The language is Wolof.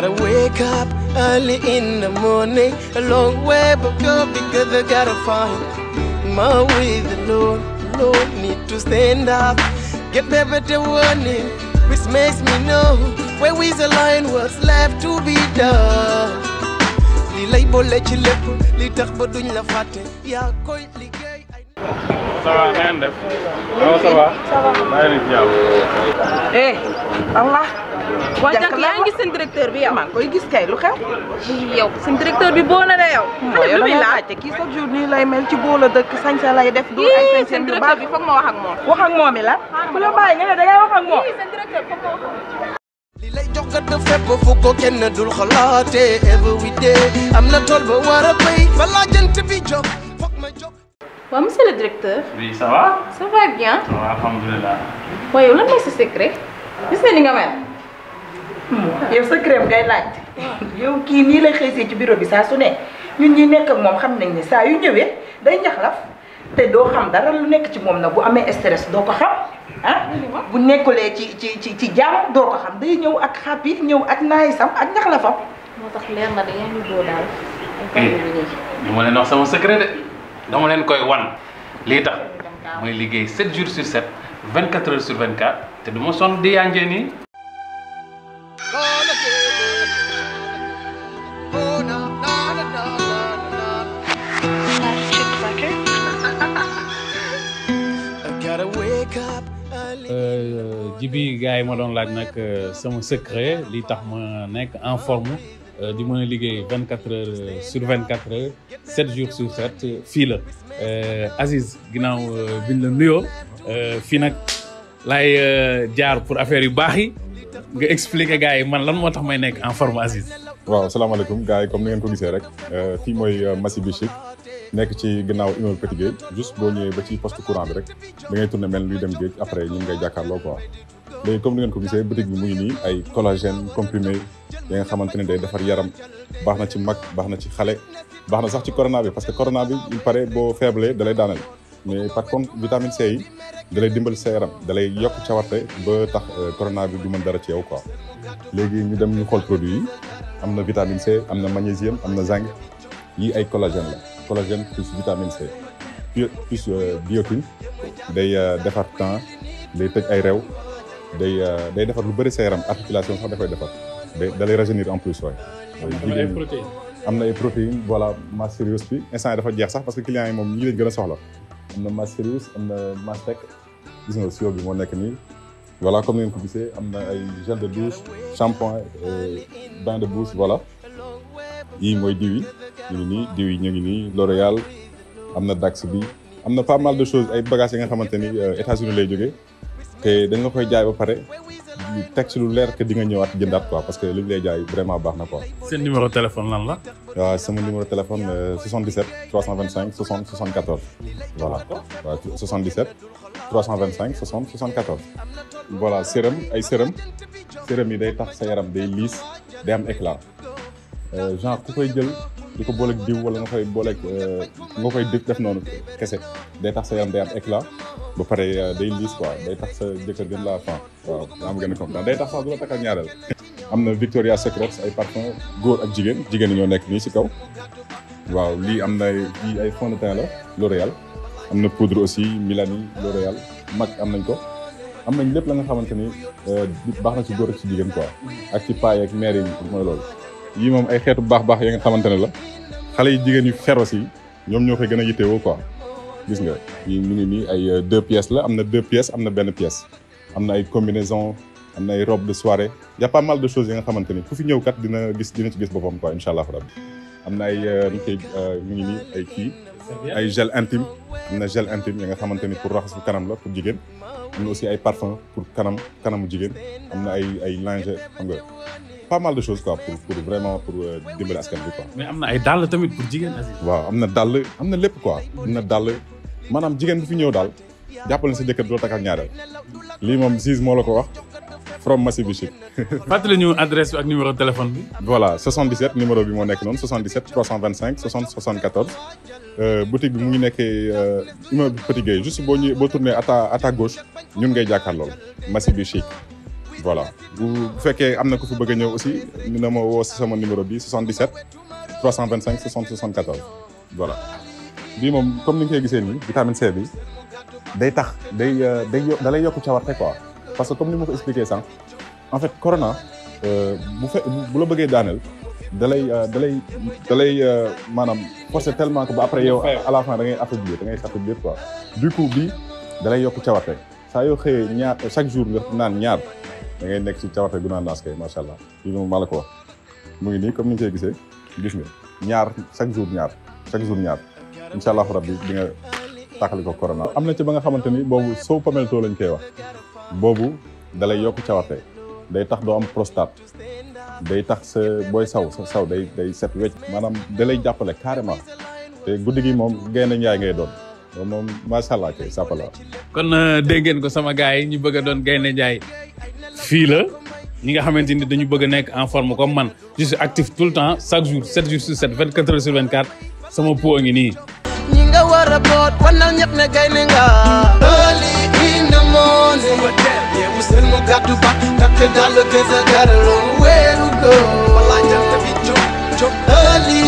gotta wake up early in the morning. A long way but go because I gotta find my way. The Lord, Lord, need to stand up. Get me better warning, which makes me know where is the line, what's left to be done. Allah. waa jànk yaa ngi seen bi yow. maa gis kay lu xe yow seen directeur bi boo la de yow. Hmm, xale lu muy laajte kii nii lay mel ci boo la dëkk sañsa lay def. du ay sañ bi foog ma wax ak moom. wax ak moom mi la. lay jox kat def fépp fu ko kenn dul xalaatee am na tool ba war a béy balaa jant bi jóg foog ma jóg. waaw monsieur le directeur. oui ça nga ni nga mel. yow sa crème ngay laajte. yow kii nii lay xëysee ci bureau bi saa su ne ñu ñi nekk moom xam nañ ne saa yu ñëwee day ñaxlaf te doo xam dara lu nekk ci moom nag bu amee stress doo ko xam. ah bu nekkulee ci ci ci ci jàmm doo ko xam day ñëw ak xàppi ñëw ak naayisam ak ñaxlafam. moo tax leer na dañoo ñu doo daal. ñu hmm. ma leen wax sama secret de dama leen koy wan lii tax mooy liggéey 7 jours sur 7 24 heures sur 24 te du ma sonn di yànjee nii. Euh, jibi gars yi ma doon laaj nag sama secret li tax ma nekk en forme euh, di mën a liggéey vingt quatre heures euh, sur vingt quatre heures sept sur sept fii la Aziz ginnaaw biñ la nuyoo fii nag laay jaar pour affaire yu baax yi nga expliquer gars yi man lan moo tax may nekk en forme Aziz waaw salaamaaleykum gaa yi comme ni ko gisee rek euh, fii mooy euh, Massi bi Chic nekk ci gannaaw immeuble Petit Gueye juste boo ñëwee ba ci poste courant bi rek da ngay tourné mel luy dem géej après ñun ngay jàkkaarloo quoi léegi comme ni ko gisee boutique bi mu nii ay collagène comprimé yi nga xamante ne day defar yaram baax na ci mag baax na ci xale baax na sax ci corona bi parce que corona bi il paraît boo faible dalay lay daaneel mais par contre vitamine C da lay dimbali sa yaram da lay yokk cawarte ba tax euh, corona bi du dara ci yow quoi léegi ñu dem ñu xool yi am na vitamine C am na magnésium am na zinc yii ay collagène la collagène plus vitamine C plus euh, biotine day euh, defar temps day tëj ay rew day euh, day defar lu bëri sa yaram articulation sax dafay defar day dalay régénérer en plus waay. am na ay protéines voilà masse sérieuse bi instant dafa jeex sax parce que client yi moom ñi leen gën a soxla am na masse sérieuse am na masse tech gis nga sio bi moo nekk nii voilà comme vous le savez, il y a gel de douche shampoing bain de bouche voilà yii mooy diw yi ñu ngi yi ñu ngi nii L'Oréal am a Dax bi y a pas mal de choses ay bagages yi nga xamanteni euh, États-Unis lay jógee té dañ nga koy jaay ba paré textes teg ci lu leer que di nga ñëwaat jëndaat quoi parce que li lay jaay vraiment baax na quoi. seen numéro de téléphone lan la. numéro sama numéro téléphone euh, 77 325 60 74 voilà quoi 77. 325 60 74 voilà sérum ay sérum sérum yi day tax sa yaram day lisse day am éclat euh, genre ku koy jël di ko booleeg diw wala nga koy booleeg euh, nga koy def def noonu kese day tax sa yaram day am éclat ba pare euh, day lisse quoi day tax sa jëkkër gën laa fan waaw am gën a kontaan day tax sax du la takkal ñaareel am na Victoria Secret ay parfum góor ak jigéen jigéen ñoo nekk nii si kaw waaw lii am na lii ay fond de teint la L'Oréal am na poudre aussi Milani L'Oréal mag am nañ ko am nañ lépp la nga xamante ni euh, baax na ci góor ak ci jigéen quoi ak ci paay ak mère yi mooy loolu yii moom ay xeetu baax baax ya nga xamante ne la xale yi jigéen yu féroce yi ñoom ñoo koy gën a yittewoo quoi gis nga yi mu ngi nii ay euh, deux pièces la am na deux pièces am na benn pièce am na ay combinaison am na ay robe de soirée y a pas mal de choses yi nga xamante ni ku fi ñëw kat dina gis dina ci gis boppam quoi incha allah rabbi am na ay ñu euh, koy mu ngi nii ay kii ay gel intime am gel intime yi nga xamante pour raxasu kanam la pour jigéen am aussi ay parfum pour kanam kanamu jigéen am a ay ay linge xam nga pas mal de choses quoi pour pour vraiment pour euh, dimbali askan bi quoi. mais am na ay dàll tamit pour jigéen waaw am na dàll am na lépp quoi am na dàll maanaam jigéen fi ñëw daal jàppal na sa jëkkër a takk ak ñaareel lii moom la from Massi Bichri. fàttali ñu adresse ak numéro téléphone bi. voilà 77 numéro bi moo nekk noonu 77 325 60 74 boutique bi mu ngi nekkee euh, immeuble Petit Gueye juste boo ñëwee boo à ta à ta gauche ñun ngay jàkkaarlool Massi Bichri. voilà bu faites que na ku fi bëgg a ñëw aussi mon ma woo sama numéro bi 77 325 60 74 voilà. Bi mom comme ni ngi gisé ni vitamine C bi day tax day euh, day dalay lay ci cawarte quoi. parce que comme ni ma ko expliquer en fait corona euh, bu fe bu la bëggee daaneel da euh, dalay dalay lay da lay tellement que ba après yow à la fin da ngay affaiblir da ngay s'affaiblir quoi du coup bi dalay yok yokk cawarte saa yoo xëyee ñaar chaque jour nga naan ñaar da ngay nek ci cawarte gu naan kay macha allah lii moom maa ko wax mu ngi ni comme ni ngi koy gis nga ñaar chaque jour ñaar chaque jour ñaar inshallah rabbi di nga takaliko corona amna ci ba nga xamanteni bobu so pamel to lañ koy wax bobu dalay yokk cawarte day tax do am prostate day tax sa boy saw saw day day set wetch manam dalay jappale carrément te guddigi mom moom gaynde ngay doon mom moom macha allah kay sàppala kon euh, de ngeen ko sama gaay ñu bëgg a doon gaynde njaay fii la ñi nga xamanteni dañu bëgg a nekk en forme comme man je suis actif tout le temps chaque jour 7 jours sur 7 24 heures sur 24 sama po ngi nii. ñi nga wara bot boot wanal ñëpp ne gaynde nga. la Dubaï Takk daal gëza dara loolu weeru go. walaay jant bi jóg jóg